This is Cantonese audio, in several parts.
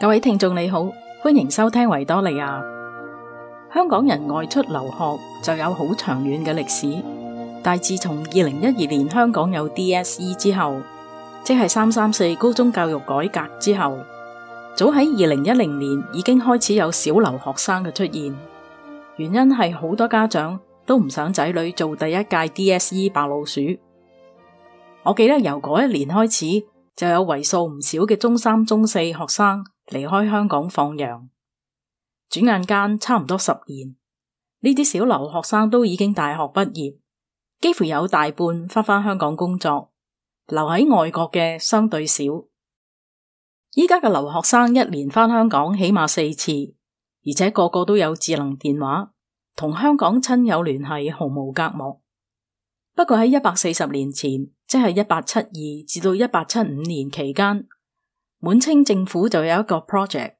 各位聽眾你好，歡迎收聽維多利亞。香港人外出留學就有好長遠嘅歷史，但自從二零一二年香港有 DSE 之後，即係三三四高中教育改革之後，早喺二零一零年已經開始有小留學生嘅出現，原因係好多家長都唔想仔女做第一屆 DSE 白老鼠。我記得由嗰一年開始就有為數唔少嘅中三、中四學生。離開香港放洋，轉眼間差唔多十年，呢啲小留學生都已經大學畢業，幾乎有大半翻返香港工作，留喺外國嘅相對少。依家嘅留學生一年返香港起碼四次，而且個個都有智能電話，同香港親友聯繫毫無隔膜。不過喺一百四十年前，即係一八七二至到一八七五年期間，滿清政府就有一個 project，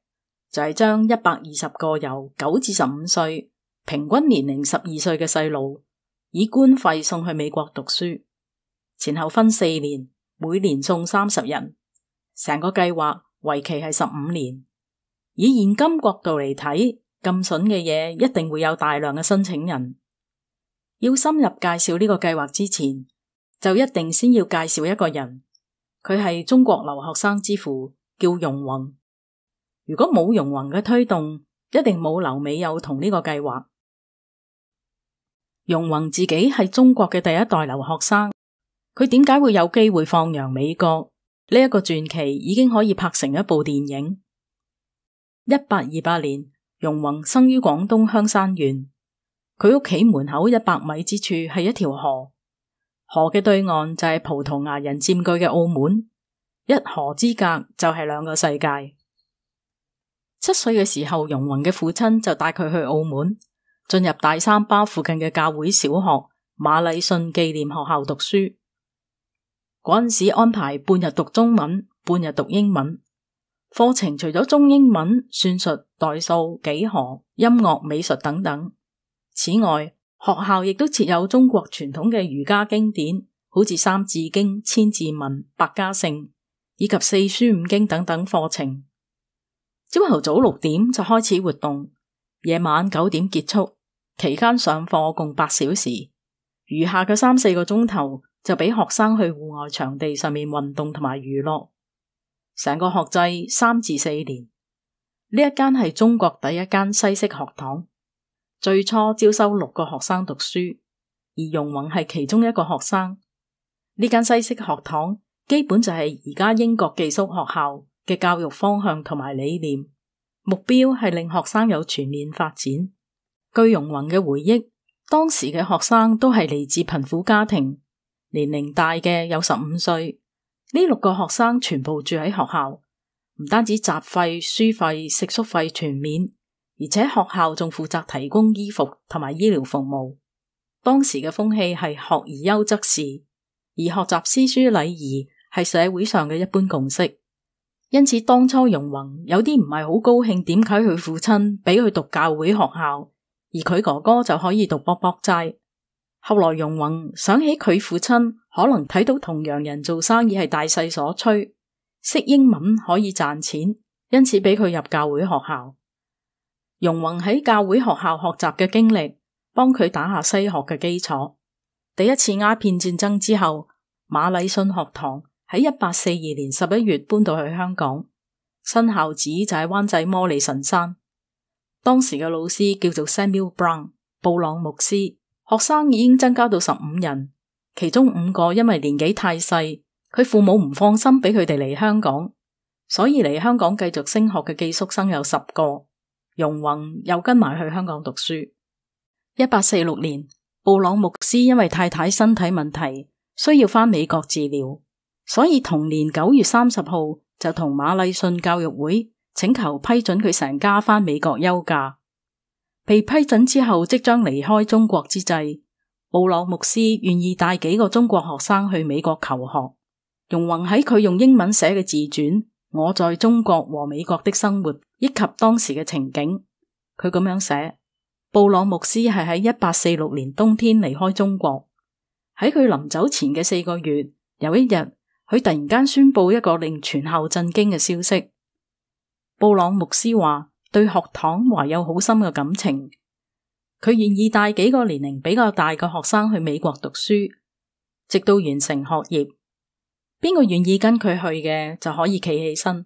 就係將一百二十個由九至十五歲，平均年齡十二歲嘅細路，以官費送去美國讀書，前後分四年，每年送三十人，成個計劃為期係十五年。以現今角度嚟睇，咁筍嘅嘢一定會有大量嘅申請人。要深入介紹呢個計劃之前，就一定先要介紹一個人。佢係中國留學生之父，叫容閎。如果冇容閎嘅推動，一定冇留美幼童呢個計劃。容閎自己係中國嘅第一代留學生，佢點解會有機會放洋美國？呢、這、一個傳奇已經可以拍成一部電影。一八二八年，容閎生於廣東香山縣，佢屋企門口一百米之處係一條河。河嘅對岸就係葡萄牙人佔據嘅澳門，一河之隔就係兩個世界。七歲嘅時候，容閎嘅父親就帶佢去澳門，進入大三巴附近嘅教會小學馬禮遜紀念學校讀書。嗰陣時安排半日讀中文，半日讀英文。課程除咗中英文、算術、代數、幾何、音樂、美術等等。此外，學校亦都設有中國傳統嘅儒家經典，好似三字經、千字文、百家姓以及四書五經等等課程。朝頭早六點就開始活動，夜晚九點結束，期間上課共八小時，餘下嘅三四個鐘頭就俾學生去戶外場地上面運動同埋娛樂。成個學制三至四年，呢一間係中國第一間西式學堂。最初招收六個學生讀書，而容閎係其中一個學生。呢間西式學堂基本就係而家英國寄宿學校嘅教育方向同埋理念，目標係令學生有全面發展。據容閎嘅回憶，當時嘅學生都係嚟自貧苦家庭，年齡大嘅有十五歲。呢六個學生全部住喺學校，唔單止雜費、書費、食宿費全免。而且學校仲負責提供衣服同埋醫療服務。當時嘅風氣係學而優則仕，而學習詩書禮儀係社會上嘅一般共識。因此，當初容閎有啲唔係好高興，點解佢父親俾佢讀教會學校，而佢哥哥就可以讀卜卜齋？後來容閎想起佢父親可能睇到同洋人做生意係大勢所趨，識英文可以賺錢，因此俾佢入教會學校。容閎喺教會學校學習嘅經歷，幫佢打下西學嘅基礎。第一次鴉片戰爭之後，馬禮遜學堂喺一八四二年十一月搬到去香港，新校址就係灣仔摩利臣山。當時嘅老師叫做 Samuel Brown 布朗牧師，學生已經增加到十五人，其中五個因為年紀太細，佢父母唔放心俾佢哋嚟香港，所以嚟香港繼續升學嘅寄宿生有十個。容閎又跟埋去香港讀書。一八四六年，布朗牧師因為太太身體問題需要翻美國治療，所以同年九月三十號就同馬禮遜教育會請求批准佢成家翻美國休假。被批准之後，即將離開中國之際，布朗牧師願意帶幾個中國學生去美國求學。容閎喺佢用英文寫嘅自傳《我在中國和美國的生活》。以及當時嘅情景，佢咁樣寫：布朗牧師係喺一八四六年冬天離開中國。喺佢臨走前嘅四個月，有一日，佢突然間宣布一個令全校震驚嘅消息。布朗牧師話：對學堂懷有好深嘅感情，佢願意帶幾個年齡比較大嘅學生去美國讀書，直到完成學業。邊個願意跟佢去嘅就可以企起身。呢、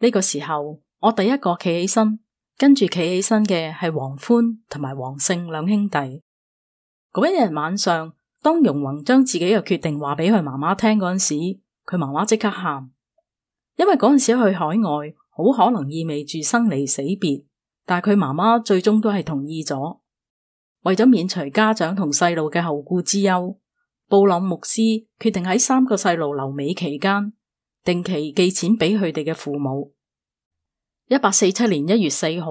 這個時候。我第一個企起身，跟住企起身嘅係黃寬同埋黃勝兩兄弟。嗰一日晚上，當容閎將自己嘅決定話俾佢媽媽聽嗰陣時，佢媽媽即刻喊，因為嗰陣時去海外好可能意味住生離死別。但佢媽媽最終都係同意咗，為咗免除家長同細路嘅後顧之憂，布朗牧師決定喺三個細路留美期間，定期寄錢俾佢哋嘅父母。一八四七年一月四號，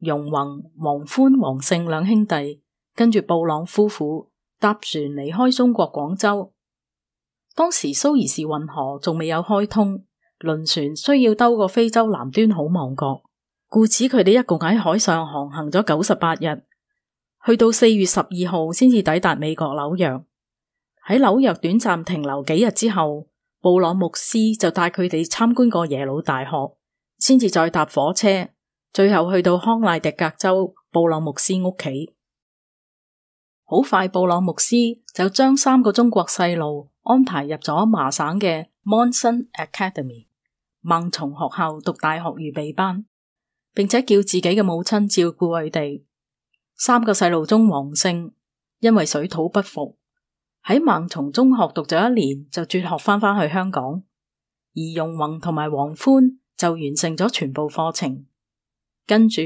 容閎、黃寬、黃勝兩兄弟跟住布朗夫婦搭船離開中國廣州。當時蘇伊士運河仲未有開通，輪船需要兜過非洲南端好望角，故此佢哋一共喺海上航行咗九十八日，去到四月十二號先至抵達美國紐約。喺紐約短暫停留幾日之後，布朗牧師就帶佢哋參觀過耶魯大學。先至再搭火車，最後去到康奈迪格州布朗牧師屋企。好快，布朗牧師就將三個中國細路安排入咗麻省嘅 Monson Academy 孟松學校讀大學預備班，並且叫自己嘅母親照顧佢哋。三個細路中黃勝，黃勝因為水土不服，喺孟松中學讀咗一年就輟學返返去香港，而容閎同埋黃寬，就完成咗全部課程，跟住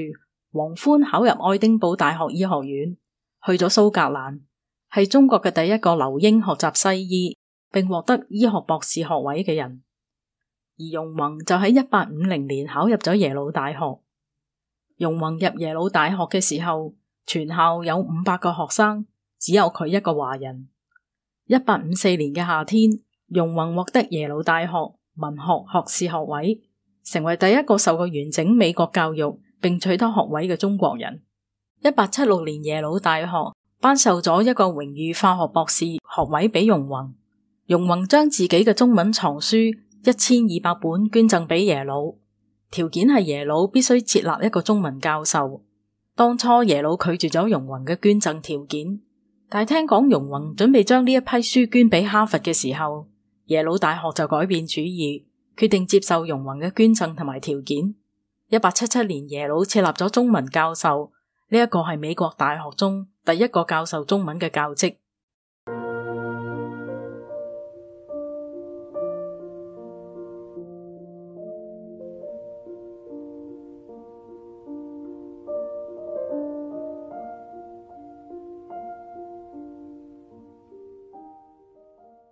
黃寬考入愛丁堡大學醫學院，去咗蘇格蘭，係中國嘅第一個留英學習西醫，並獲得醫學博士學位嘅人。而容閎就喺一八五零年考入咗耶魯大學。容閎入耶魯大學嘅時候，全校有五百個學生，只有佢一個華人。一八五四年嘅夏天，容閎獲得耶魯大學文學學士學位。成為第一個受過完整美國教育，並取得學位嘅中國人。一八七六年，耶魯大學頒授咗一個榮譽化學博士學位俾容閎。容閎將自己嘅中文藏書一千二百本捐贈俾耶魯，條件係耶魯必須設立一個中文教授。當初耶魯拒絕咗容閎嘅捐贈條件，但係聽講容閎準備將呢一批書捐俾哈佛嘅時候，耶魯大學就改變主意，決定接受容閎嘅捐贈同埋條件。一八七七年，耶魯設立咗中文教授，呢、這、一個係美國大學中第一個教授中文嘅教職。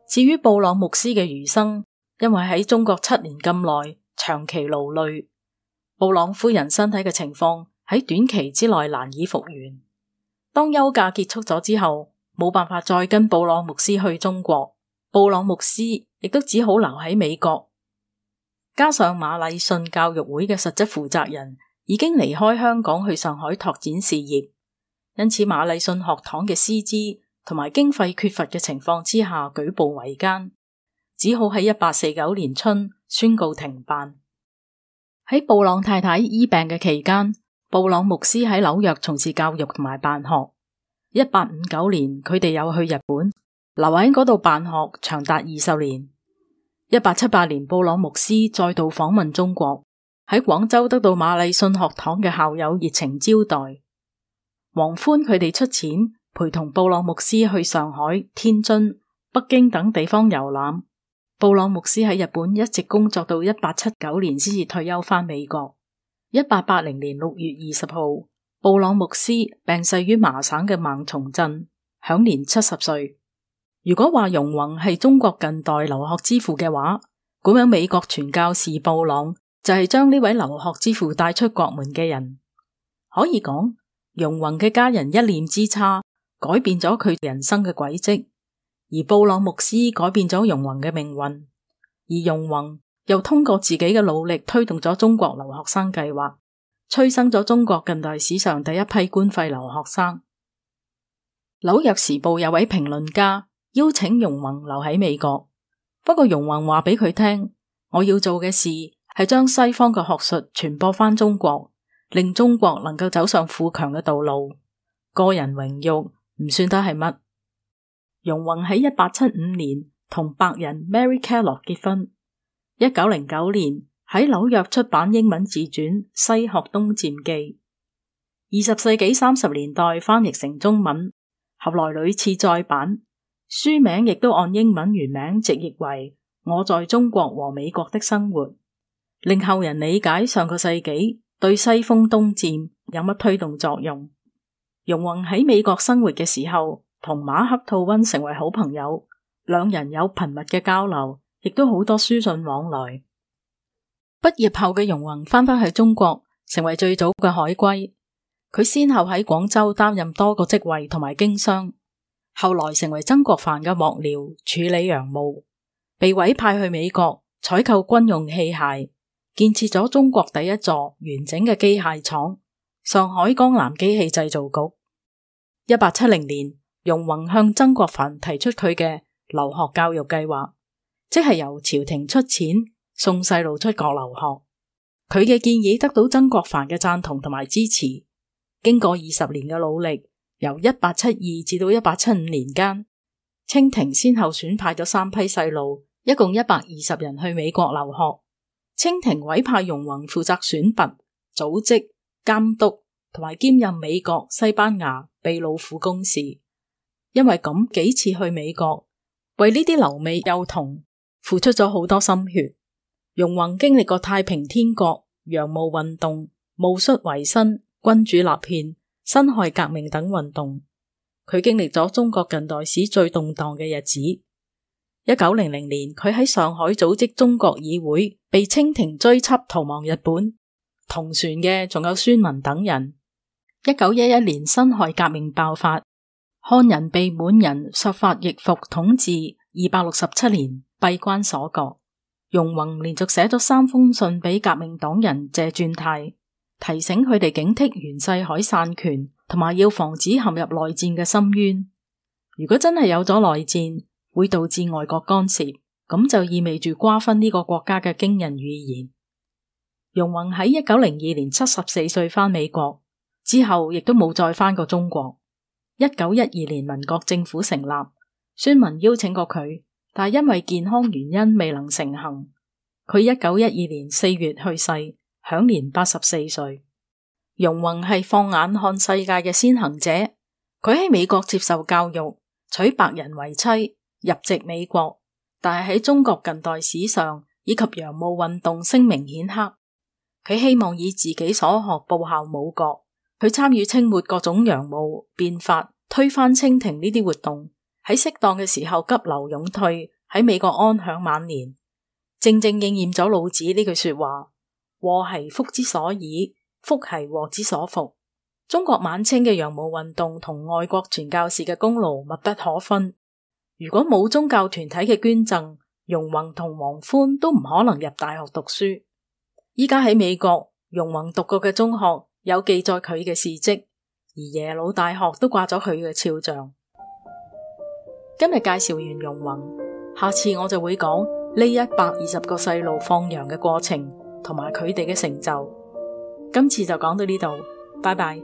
至於布朗牧師嘅餘生。因為喺中國七年咁耐，長期勞累，布朗夫人身體嘅情況喺短期之內難以復原。當休假結束咗之後，冇辦法再跟布朗牧師去中國，布朗牧師亦都只好留喺美國。加上馬禮遜教育會嘅實質負責人已經離開香港去上海拓展事業，因此馬禮遜學堂嘅師資同埋經費缺乏嘅情況之下，舉步維艱。只好喺一八四九年春宣告停辦。喺布朗太太醫病嘅期間，布朗牧師喺紐約從事教育同埋辦學。一八五九年，佢哋有去日本，留喺嗰度辦學長達二十年。一八七八年，布朗牧師再度訪問中國，喺廣州得到馬禮遜學堂嘅校友熱情招待。黃寬佢哋出錢陪同布朗牧師去上海、天津、北京等地方遊覽。布朗牧師喺日本一直工作到一八七九年，先至退休翻美國。一八八零年六月二十號，布朗牧師病逝於麻省嘅孟松鎮，享年七十歲。如果話容閎係中國近代留學之父嘅話，咁樣美國傳教士布朗就係將呢位留學之父帶出國門嘅人。可以講，容閎嘅家人一念之差，改變咗佢人生嘅軌跡。而布朗牧師改變咗容閎嘅命運，而容閎又通過自己嘅努力推動咗中國留學生計劃，催生咗中國近代史上第一批官費留學生。紐約時報有位評論家邀請容閎留喺美國，不過容閎話俾佢聽：我要做嘅事係將西方嘅學術傳播翻中國，令中國能夠走上富強嘅道路。個人榮辱唔算得係乜。容閎喺一八七五年同白人 Mary Carroll 結婚。一九零九年喺紐約出版英文自傳《西學東漸記》。二十世紀三十年代翻譯成中文，後來屢次再版，書名亦都按英文原名直譯為《我在中國和美國的生活》，令後人理解上個世紀對西風東漸有乜推動作用。容閎喺美國生活嘅時候，同馬克吐溫成為好朋友，兩人有頻密嘅交流，亦都好多書信往來。畢業後嘅容閎翻返去中國，成為最早嘅海歸。佢先後喺廣州擔任多個職位同埋經商，後來成為曾國藩嘅幕僚，處理洋務，被委派去美國採購軍用器械，建設咗中國第一座完整嘅機械廠——上海江南機器製造局。一八七零年。容閎向曾國藩提出佢嘅留學教育計劃，即係由朝廷出錢送細路出國留學。佢嘅建議得到曾國藩嘅贊同同埋支持。經過二十年嘅努力，由一八七二至到一八七五年間，清廷先後選派咗三批細路，一共一百二十人去美國留學。清廷委派容閎負責選拔、組織、監督同埋兼任美國、西班牙、秘魯府公事。因為咁幾次去美國，為呢啲留美幼童付出咗好多心血。容閎經歷過太平天國、洋務運動、戊戌維新、君主立憲、辛亥革命等運動，佢經歷咗中國近代史最動盪嘅日子。一九零零年，佢喺上海組織中國議會，被清廷追緝，逃亡日本。同船嘅仲有孫文等人。一九一一年，辛亥革命爆發。漢人被滿人束髮易服統治二百六十七年，閉關鎖國。容閎連續寫咗三封信俾革命黨人謝纘泰，提醒佢哋警惕袁世凱散權，同埋要防止陷入內戰嘅深淵。如果真係有咗內戰，會導致外國干涉，咁就意味住瓜分呢個國家嘅驚人預言。容閎喺一九零二年七十四歲返美國，之後亦都冇再返過中國。一九一二年，民國政府成立，孫文邀請過佢，但係因為健康原因未能成行。佢一九一二年四月去世，享年八十四歲。容閎係放眼看世界嘅先行者，佢喺美國接受教育，娶白人為妻，入籍美國，但係喺中國近代史上以及洋務運動聲名顯赫。佢希望以自己所學報效母國。佢參與清末各種洋務變法、推翻清廷呢啲活動，喺適當嘅時候急流勇退，喺美國安享晚年，正正應驗咗老子呢句說話：禍係福之所以，福係禍之所伏。中國晚清嘅洋務運動同外國傳教士嘅功勞密不可分。如果冇宗教團體嘅捐贈，容閎同黃寬都唔可能入大學讀書。依家喺美國，容閎讀過嘅中學。有記載佢嘅事蹟，而耶魯大學都掛咗佢嘅肖像。今日介紹完容閎，下次我就會講呢一百二十個細路放洋嘅過程，同埋佢哋嘅成就。今次就講到呢度，拜拜。